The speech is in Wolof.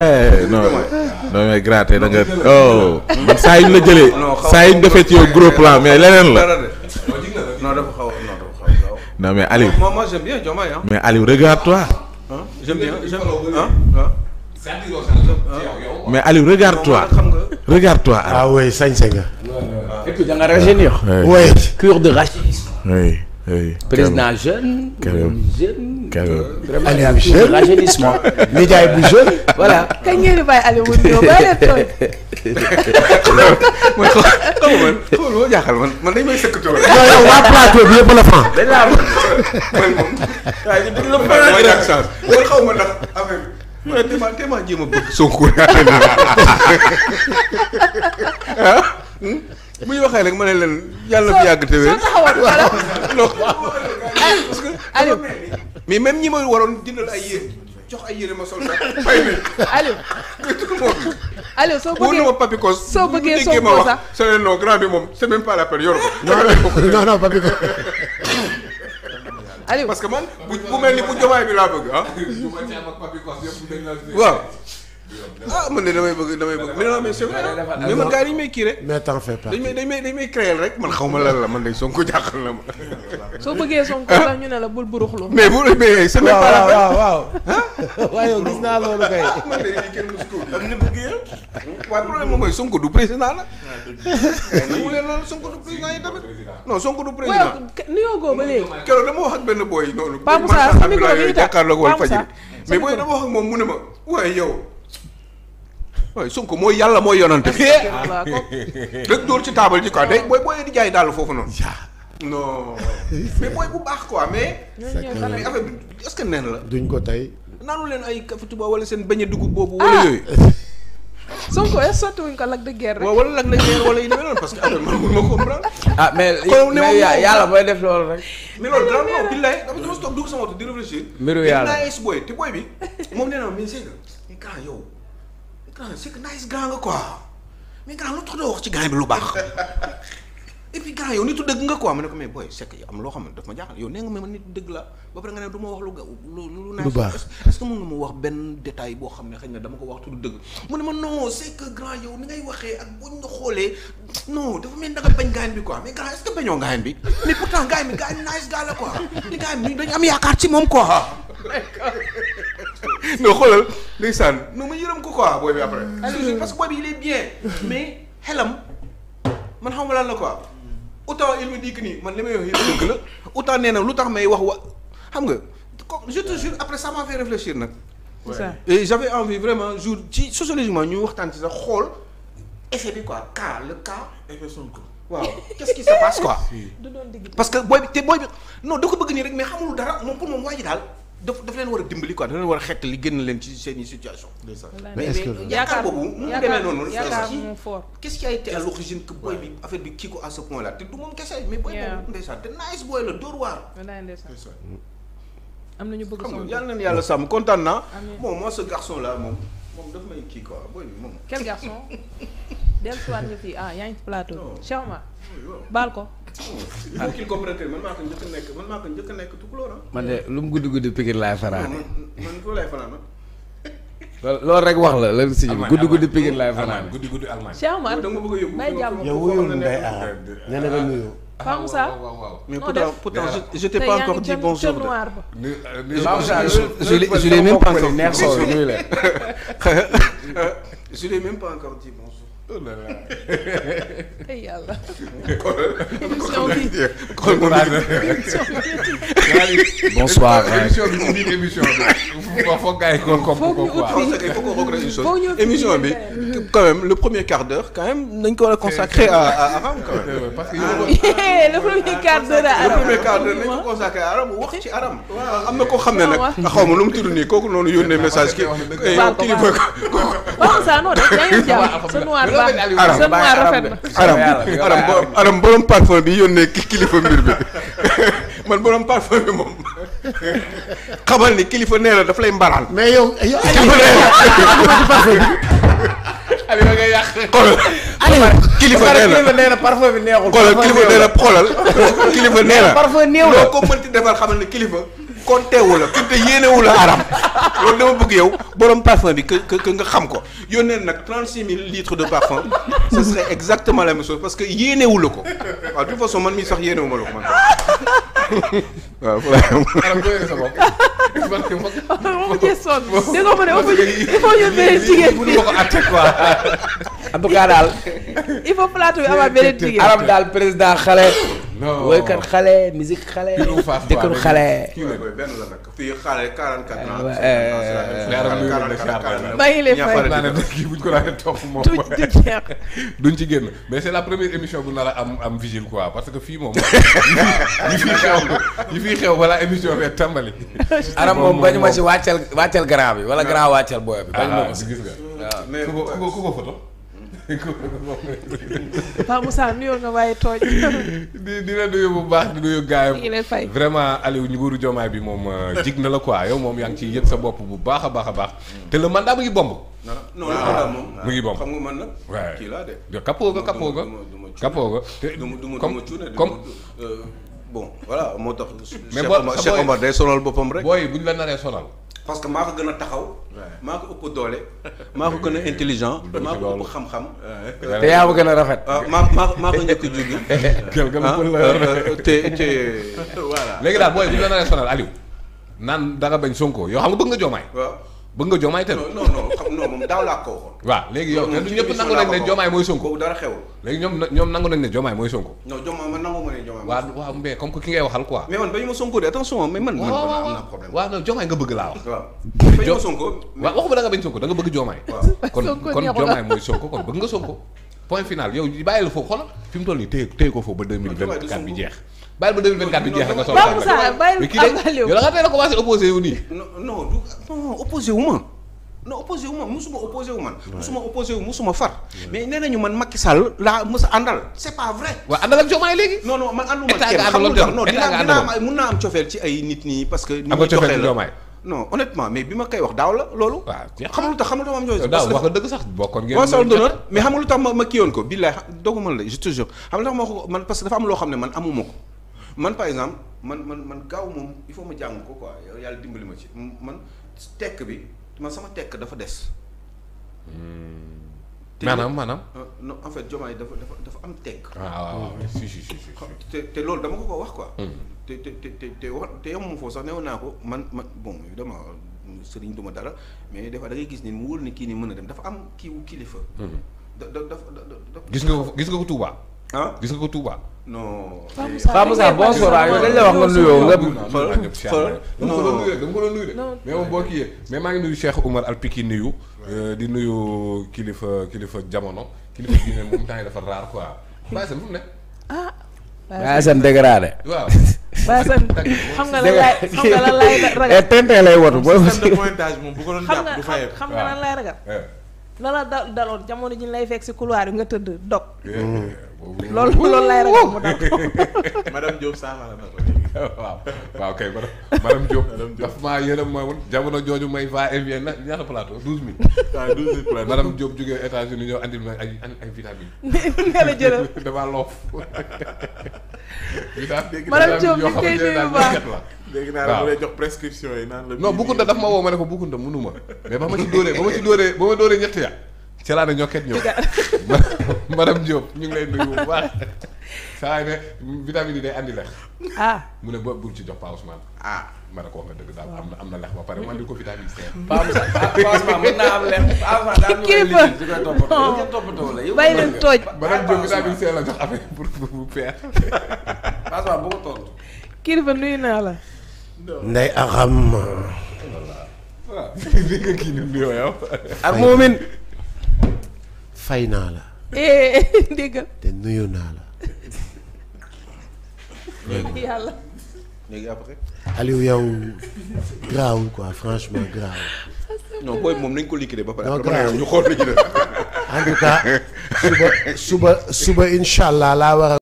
Eh, non non mais gratter da nga oh man la jëlee saa yuñ defee ci yow gros plan mais leneen la. non mais Aliou. moi moi j'aime mais Aliou regarde toi. mais Aliou regarde toi. regarde toi ah oui sañse nga. et de rachis. président jeune. jeune. Aliou jeune rajeunissement. média bu jeune. voilà kañ ngeen di bàyyi Aliou mu ñëw ba leen tooñ. mooy xaw man xaw ma jaaxal man man dañ may sëkkatoo rek. non yow waa plateau bi yëpp la fan. dañ laa am man moom. waaye ñu déglu ma la ñàkk chance. mooy xaw ma ndax affaire bi. mais damaa damaa jéem a bëgg Sonko ah, hmm? bu ñu waxee rek ma ne leen yàlla na fi yàgg te wér. soo taxawoon voilà. parce que. mais même ñi ma waroon dindal ay yére jox ay yére ma sol sax fay nañ. Aliou. moom. Aliou soo bëggee soo bëggee soo ma wax soo non grand moom c'est même pas la peine yor ko. non non papikos. Aliou parce que man bu bu mel ni bu jomaay bi laa bëgg ah. waaw. ah man de damay bëgg damay bëgg mais non mais man gars yi may kii mais t'en fais pas dañu may dañu may dañu rek man xaw ma lan la man de Sonko jaaxal na ma. soo bëggee Sonko la ñu ne la bul buruxlu. mais bu mais c'est même pas la waaw waaw waaw. waaye yow gis naa loolu kay. man de kenn mësu ko am waaye problème moom mooy du président la. mu leen loolu Sonko du président yi du président. waaw nuyoo góob ba léegi. keroog dama wax ak benn boy noonu. Pape Sarr micro bi moom mu ne ma waaye Sonko mooy yàlla mooy yonante rek dóor ci taabal ji quoi day booy booy di jaay dàll foofu noonu. non mais baax quoi mais. mais que nen la. duñ ko tey. naanu leen ay café tubaab wala seen beñe dugub boobu. wala yooyu. Sonko est sotti wuñ de guerre rek. wala lag de guerre wala yu demee mais mais yàlla mooy def loolu rek. mais loolu dara non billaay dama dama toog dugg sama oto di réfléchir. mbiru yàlla te booy bi moom nee na ma mais yow. grand c'est que nice grand nga quoi mais grand lu tax doo wax ci grand bi lu baax et puis grand yow nitu dëgg nga quoi ma ne ko mais booy c'est que am loo xam ne daf ma jaaxal yow nee nga ma nitu dëgg la ba pare nga ne du ma wax lu lu lu baax est-ce que mën nga ma wax benn détail boo xam ne xëy na dama ko wax tudd dëgg mu ne ma non c'est que grand yow ni ngay waxee ak buñ nga xoolee non dafa mel da nga bañ gaañ bi quoi mais grand est-ce que bañoo gaañ bi mais pourtant gaañ bi gaañ nice gars la quoi li gaañ bi dañu am yaakaar ci moom quoi non xoolal ndeysaan quoi booy bi après. Ah, si parce que booy bi il est bien. mais xelam man xamuma lan la quoi. autant il me dit que nii man li may wax yëpp dëgg la autant nee na lu tax may wax wa xam nga comme je te jure après ça a fait réfléchir nag. c'est ça et j'avais envie vraiment jour ci sociologiquement ñu waxtaan ci sax xool effet bi quoi cas le cas. effet Sonko. waaw qu'est-ce qui se passe bi te booy bi non da ko bëgg nii rek mais xamul dara moom pour moom waa ji daal. daf daf leen war a dimbali quoi daf leen war a xett li génn leen ci seen i situation. mais est-ce yaakaar boobu mu demee noonu. yaakaar ko à ce point là moom kese mais am na ñu bëgg sàmm yàlla na yàlla sàmm kontaan naa. bon moom moom daf may quoi bi moom. quel garçon dellusiwaat nga fii ah yaa ngi ci plateau. baal ko. pour qu'il comprenne man maa ko njëkk a nekk man maa ko njëkk a nekk tukulóor ah. man de lu mu guddi guddi pikir laay fanaan. man man loolu rek wax la lan si guddi guddi Pikine laay fanaan guddi guddi Allemagne. Cheikh Omar may jàmm yow wuyul Ndeye Aram nee na la nuyu. Faham ça mais je t'ai pas encore dit je l'ai même pas encore. je l'ai même oh là là. ay yàlla. émission bi kon kon bonsoir. émission bi ci biir émission bi. foog gars yi ko comprendre émission bi quand même le premier quart d'heure quand même nañ ko war a consacrer à à Aram quand même. parce que ah. le premier quart d'heure à Aram. le premier quart d'heure nañ ko consacrer à Aram wax ci Aram. waaw am na koo xam ne nag xaw ma lu mu tudd nii kooku noonu yónnee message ki eh, kii kooku. non ça non rek yaa ngi jàpp sa noir baax sa noir rafet na. aram aram borom kilifa mbir bi man borom parfum bi moom xamal ni kilifa nee daf lay mbaraan. mais yow ma ngay yàq. kilifa nee na kilifa nee na kilifa nee loo ko mënti defar xamal ni kilifa. compté wu la compté yéene wu la aram loolu dama bëgg yow borom parfum bi que que nga xam ko yónneel nag trente six mille litres de parfum ce serait exactement la même parce que yéene la ko waaw de toute façon man mii sax yéene wu ma man. waaw aram doy na sa bopp. moom cee sonn dégg nga ma ne il faut ñu beneen jigéen bi ko atte quoi en tout daal. il faut plateau bi amaat beneen jigéen. aram daal président xale. woykat xale musique xale. dëkkul xale. fii xale 44 ans. Euh, maa ngi lay fay topp duñ ci génn mais c'est la première émission bu nar a am am vigile quoi parce que fii moom yi fii xew yi fii xew wala émission bi moom bañu si wàccal wàccal grand bi wala ah. grand wàccal booy bi. bañu si ah, gis nga. waaw ah. Pa Moussa nuyoo na waaye tooj. di di la nuyu bu baax di nuyu gaayam vraiment Aliou nguuru Diomaye bi moom euh, jig na la quoi yow moom yaa ngi ciy yëg sa bopp bu baax a baax a baax. te le mandat mu ngi bomb. non non moom mu ngi bomb xam nga man la. kii laa de. kapoo nga kapoo nga kapoo nga te comme comme. Euh, bon voilà moo tax. mais boo Cheikh Omar day sonal boppam rek. booy bu ñu la naree sonal. parce que maa ko gën a taxaw. maa ko ëpp doole. maa ko gën a intelligent. maa ko ëpp xam-xam. te yaa ma gën a rafet. Ah, maa maa ko njëkk a juggi. gël gël ah, euh, te te voilà. léegi daal booy bu ñu la naree naan da bañ Sonko yoo xam nga bëgg nga joomaay. bëgg nga Diomaye teel non non xam non moom daaw laa ko waxoon. waaw léegi yow ne Diomaye mooy nangu nañ ne Diomaye mooy Sonko. non Diomaye man comme que ki ngay waxal quoi. mais man bañu ma Sonko de attention mais man. man am na problème waaw nga bëgg laa wax. waaw waxuma da bañ Sonko da bëgg Diomaye. kon kon mooy Sonko kon bëgg nga Sonko. point final yow bàyyi la foofu xoolal fi toll nii téye téye ko foofu ba 2024 bi jeex bàyyil ba 2024 bi jeex a commencé opposé wu wu ma. non opposé wu ma musuma a man ànduma la non honnêtement mais bi ma koy wax daaw la loolu. waaw xamul tax xamul tax ma am nga dëgg sax mais xamul tax ma kii woon ko billaay dogu man la je te jure tax ma ko man dafa am loo xam ne man amuma ko man par exemple man man man gaaw moom il faut ma jàng ko quoi yàlla dimbali ma ci man tekk bi man sama tekk dafa des. Hmm. te maanaam maanaam. Euh, non en fait Diomaye dafa dafa am tekk. waaw loolu dama ko ko wax quoi. Hmm. te te te te wax te foofu sax new naa ko man man bon dama sëriñ duma dara mais des fois da gis ni mu wóor ni kii nii mën a dem dafa am kiiwu wu kilifa. Hmm. da da da gis nga ko gis nga ko Touba. gis nga ko Touba. non. Paa Moussa bonsoir yow dañ la wax nga nuyoo nga. xool non non dama ko doon nuyu rek dama ko doon nuyu rek. mais moom boo kii mais maa ngi nuyu Cheikh Oumar Alpiki nuyu. Eh, di nuyu kilifa kilifa jamono kilifa bii ne moom temps yi dafa raar quoi. Baye Assane mu ne. ah. Baye Assane dégradé. waaw. Baye Assane xam nga lan laay xam nga lan laay ragal. tey eh, tey lay wotu. booy xam nga lan laay ragal. Eh. loola da daloon jamono ji lay fekk si couloir yi nga tëdd dog eh, eh, loolu loolu lay ragal mu daf maa yërëm ma jamono jooju may va et vient na ñaata plateau douze mille waaw ah, douze mille jógee États-Unis ñëw ay vitamine nga la jëlal damaa loof madame Diop ñu koy nuyu bu baax léegi naa la mu lay jox prescription yi naan la. daf ma woo ma ne ko Boucounta mënu ma mais ba ma ci dóoree ba ma ci dóoree ba ya ca laa ne ñokket ñu ngi lay nuyu bu baax saa ne vitamine yi day andi lex. ah mu ne ba bu ci jox Pa Ousmane ah ma ne ko nga dëgg daal am na am na lex ba pare ma di ko vitamine C. Pa Ousmane mën naa am lex. Pa Ousmane daal ñu ngi lay liggéey toppatoo la yow bàyyi leen tooj. madame Diop vitamine C la jox affaire pour pour pour faire. Pa bu ko tontu. kilifa nuyu naa la. nday axam ak moomin fay naa la eh, déggal te nuyu naa la yàlla léegi après Aliou yow garaawul quoi franchement garaawul non booy ko li ci suba suba suba incha allah laa war